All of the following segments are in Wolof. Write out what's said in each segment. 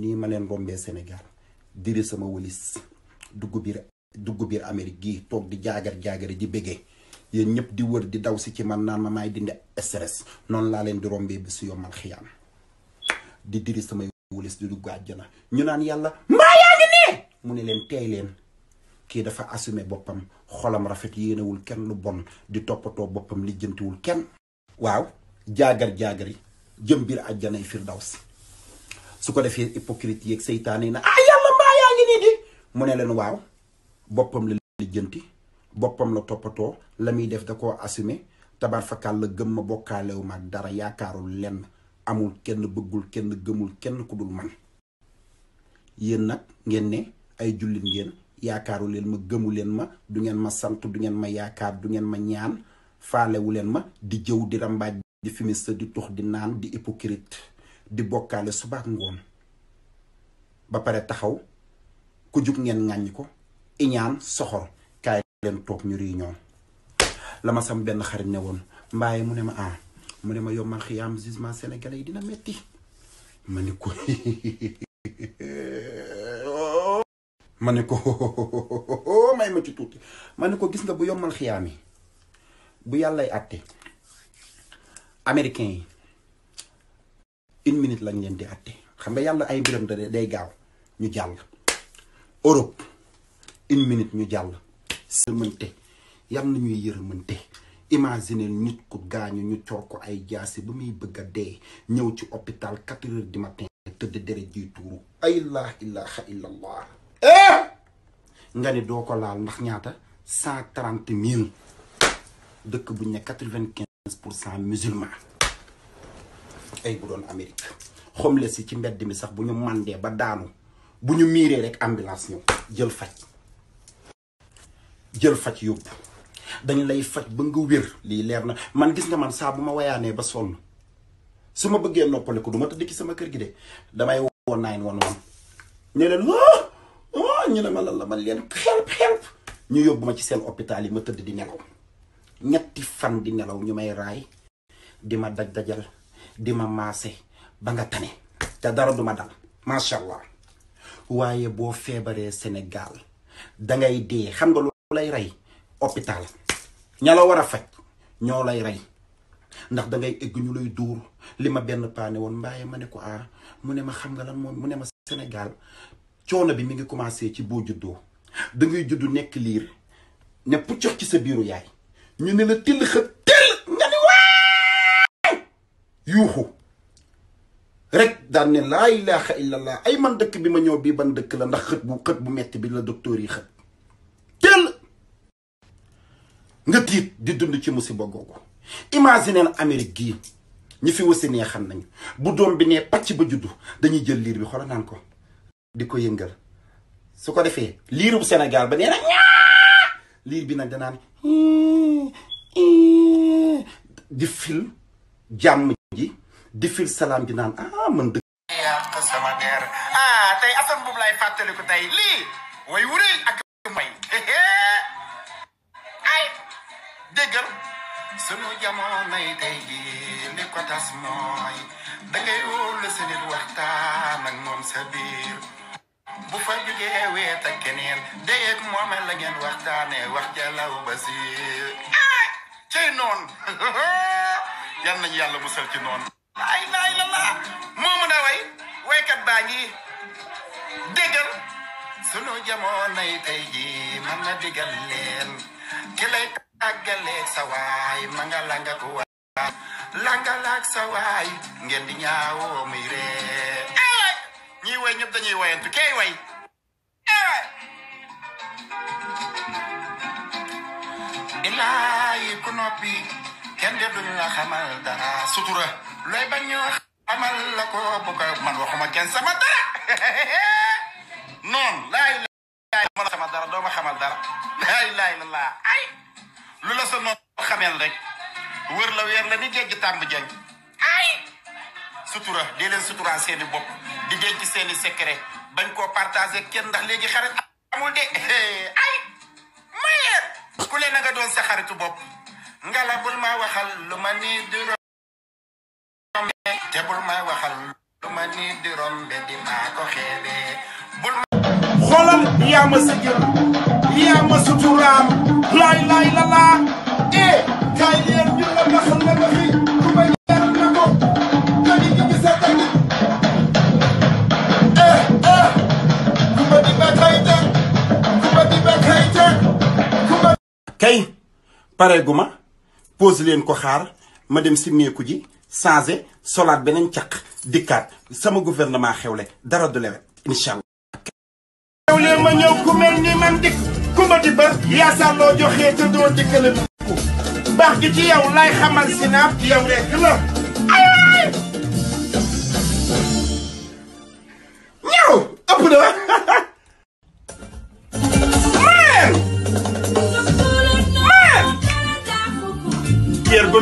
nii ma leen rombee Sénégal diri sama wëlis dugg biir dugg biir Amérique gii toog di jaagar jaagari di bëggee yéen ñëpp di wër di daw si ci man naan ma maay dindi stress noonu laa leen di rombee bi su yombal xiyaam di diri samay wëlis di dugg àjjana ñu naan yàlla mbaa yaa ne mu ne leen teey leen kii dafa assumer boppam xolam rafet yéenewul kenn lu bon di toppatoo boppam lijjantiwul kenn waaw jaagar jaagari jëm biir daw si su ko defee hypocrite yeeg seytaane yi na ah yàlla mbaa yaa ngi nii di mu ne leen waaw boppam la lijjanti boppam la toppatoo la muy def da ko assumé tabaar fakal la gëm ma bokkaalewu ma dara yaakaarul lenn amul kenn bëggul kenn gëmul kenn ku dul man yéen nag ngeen ne ay jullit ngeen yaakaaru leen ma gëmu leen ma du ngeen ma sant du ngeen ma yaakaar du ngeen ma ñaan faalewu leen ma di jëw di rambaaj di fumiste di tux di naan di hypocrite di bokkaale subaak ngoon ba pare taxaw ku jub ngeen ŋàññ ko iñaan soxor kaay leen toog ñu réunion la ma sam benn xarit ne woon mbaaye mu ne ma ah mu ne ma yombal xiyaam jugement sénégalais yi dina metti ma ne ko ne ko may ma ci tuuti ma ne ko gis nga bu yombal xiyaam yi bu yàllay àtte américain yi une minute lañ leen di atte xam nga yàlla ay mbiram da day gaaw ñu jàll Europe une minute ñu jàll yërmante yal na ñuy yërmante imagine nit ku gaañu ñu coor ko ay jaasi ba muy bëgg a dee ñëw ci hôpital quatre heures du matin tëdd deret jiy tuuru ay la ilaha illallah eh! nga ni doo ko laal ndax ñaata cent trente mille dëkk bu ñu ne quatre vingt quinze pour cent musulman mucc ay bu doon Amérique xomle ci mbedd mi sax bu ñu mandee ba daanu bu ñu miiree rek ambulance ñëw jël faj jël faj yóbbu dañ lay faj ba nga wér lii leer na man gis nga man saa bu ma wayaanee ba sonn su ma bëggee noppale ko du ma tëdd ci sama kër gi de damay woo nine one one ñu leen ñu ne ma lan la man leen help help ñu yóbbu ma ci seen hôpital yi ma tëdd di nelaw ñetti fan di nelaw ñu may raay di ma daj dajal di ma maase ba nga tane te dara duma dal macha allah waaye boo feebaree Sénégal dangay dee xam nga lu lay rey hôpital ña la war a faj ñoo lay rey ndax dangay egg ñu lay duur li ma benn paane woon mbaaye ma ne ko ah mu ne ma xam nga lan moom mu ne ma Sénégal coono bi mi ngi commencé ci boo juddoo dangay juddu nekk liir ne puccox ci sa biiru yaay ñu ne la till xët yuuxu rek daan ne laa ilaha illallah ay man dëkk bi ma ñëw bii ban dëkk la ndax xët bu xët bu metti bi la docteur yi xët teel nga tiit di dund ci musiba googu imagine Amérique gii ñu fi wasi nee xam nañ bu doom bi nee pàcc ba juddu dañuy jël liir bi xoolal naan ko di ko yëngal su ko defee liiru bu Sénégal ba nee na ñaa liir bi nag danaan di fil jàmm ji di fil salaam di naan ah man dëgg yàq sama der ah tey asan boobu lay fàttaliku tey lii way wuri ak may ay déggal sunu jamonoy tey ji li ko tas mooy dangay wóolu sa nit waxtaan ak moom sa biir bu fa jógee weet ak keneen déeg moome la ngeen waxtaane wax jalaw ba si ah cey yal nañu yàlla musal ci noonu. ay laay la laa moo a way waykat baa ngi déggal sunu jamonoy tey jii mën na déggal leen ki lay tàggaleeg sa waay ma nga langa ko waay langa laag sa waay ngeen di ñaawoo muy ree eh, ay ñiy way ñëpp dañuy wayantu kay way eh, ilaayi ku noppi kenn de duñ la xamal dara sutura looy bañ ñu xamal la ko bu ko man waxuma kenn sama dara noon laay laay ma la sama dara doo ma xamal dara laay laay la laa ay lu la sa noon xamel rek wër la weer la ni dégg tàmb jeng ay sutura di leen sutura seeni bopp di denc seeni secret bañ koo partagé kenn ndax léegi xarit amul de ay mayeer ku leen na nga sa xaritu bopp ngala bul ma waxal lu ma nii di rombe te bul ma waxal lu ma nii di rombe di maa ko xeebe bul ma xoolal yaa ma sa jël yaa ma suturaam laay laay la laa ee kaay leer ñu la baxal la baxi ku ma jaar na ko ka di gi sa tani ee ee ku ma di ba kay teg ku ma di ba kay teg ku ma kay pare guma pose ko xaar ma dem simmeeku ji changé solaat beneen caq dikkaat sama gouvernement xewle dara du lewet incha allah. xewle ma ñëw ku mel ni man dikk ku ma di ba yaasar loo joxee te doo dikkale ma ci yow lay xamal si naam yow rek la ñëw ëpp na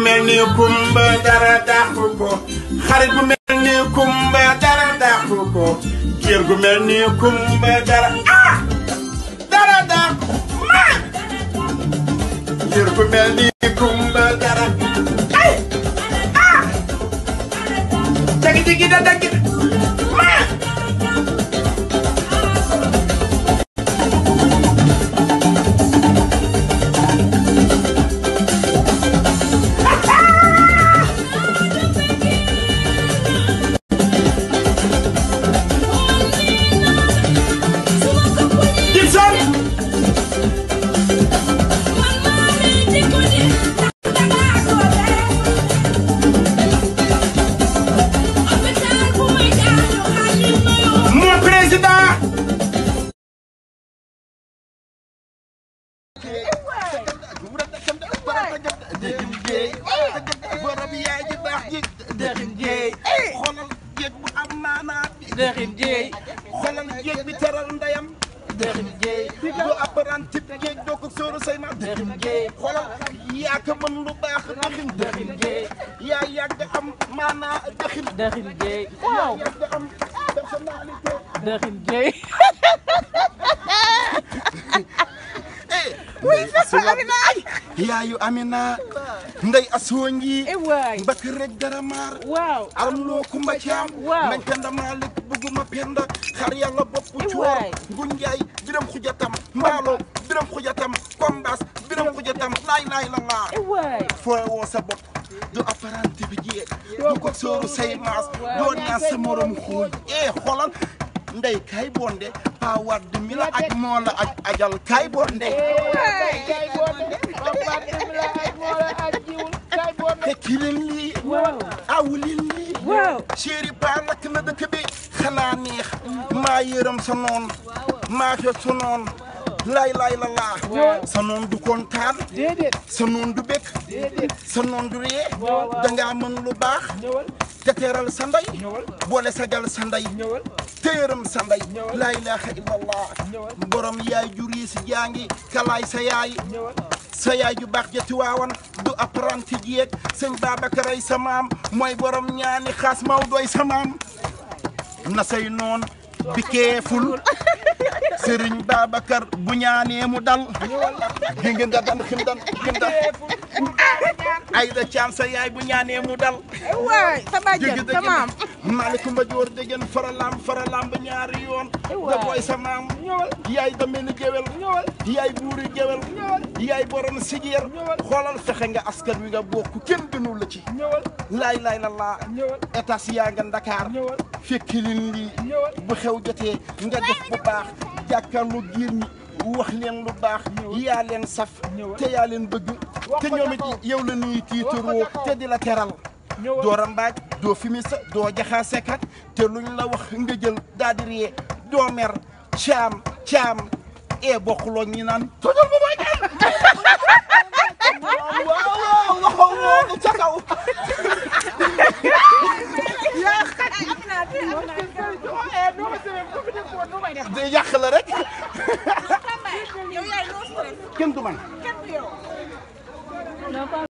mel ni kumba dara dàqu ko xarit bu mel ni kumba dara dàqu ko géer gu mel ni kumba dara ah dara dàqu ma géer gu mel ni deexin jéey xolal jéeg bi teral ndeyam deexin jéey doo abaraan tib géej doo ko sóoru say ma am maanaa deexin deexin jéey yaa eh, Amina Ndey Asoo ngi. Eh, mbakk rek dara maar. waaw aram loo kumba caam. waaw nañ ko ndamaale penda xar yàlla bopp cuwaar nguñ njaay biram xujatam mbaalo biram xujatam kombaas biram xujatam laay laay la laa foowoo sa bopp du apparente bi jeeg du ko sóoru say maas doo naa sa morom xóoj ee xoolal ndey kay bonde pa waddi mi la ak moo la ak ajal kay bonde eh, te kilim lii awulin lii maa yërëm sa noon maa fe sa laay la laa sa noon du kontaan sa du békk sa noon du ree dangaa lu baax te teeral boole sagal sa ndey téeram sa ndey laa ilaaha illallah borom yaay ju riis jaangi kalaay sa yaay sa baax ja tiwaawan du apprenti jeeg sëñ Babacar ay sa mooy borom ñaani xaas maw doy sa maam na say noon be careful. Sëriñ Babacar bu ñaanee mu dal gi da dan xim dan xim dan Ayda Caam sa yaay bu ñaanee mu dal waay sa bàjjen sa maam maaleykum ba joor degen faralam faralam ba ñaari boy sa maam yaay da mel ni géwél yaay buuri géwél yaay borom sigier xoolal fexe nga askan wi nga bokk kenn gënul la ci laay laay la laa état si yaa nga Ndakaar fekki bu xew nga def bu baax jàkkaarloo giir ñi wax leen lu baax yaa leen saf te yaa leen bëgg te ñoom it yow la ñuy tiitaroo te di la teral doo rambaaj doo fimisa doo jaxaasekat te luñ la wax nga jël daal di ree doo mer caam caam ee eh, bokkuloo ñi naan tojol ba booy waaw waaw waaw day yàq la rek. kenn du man.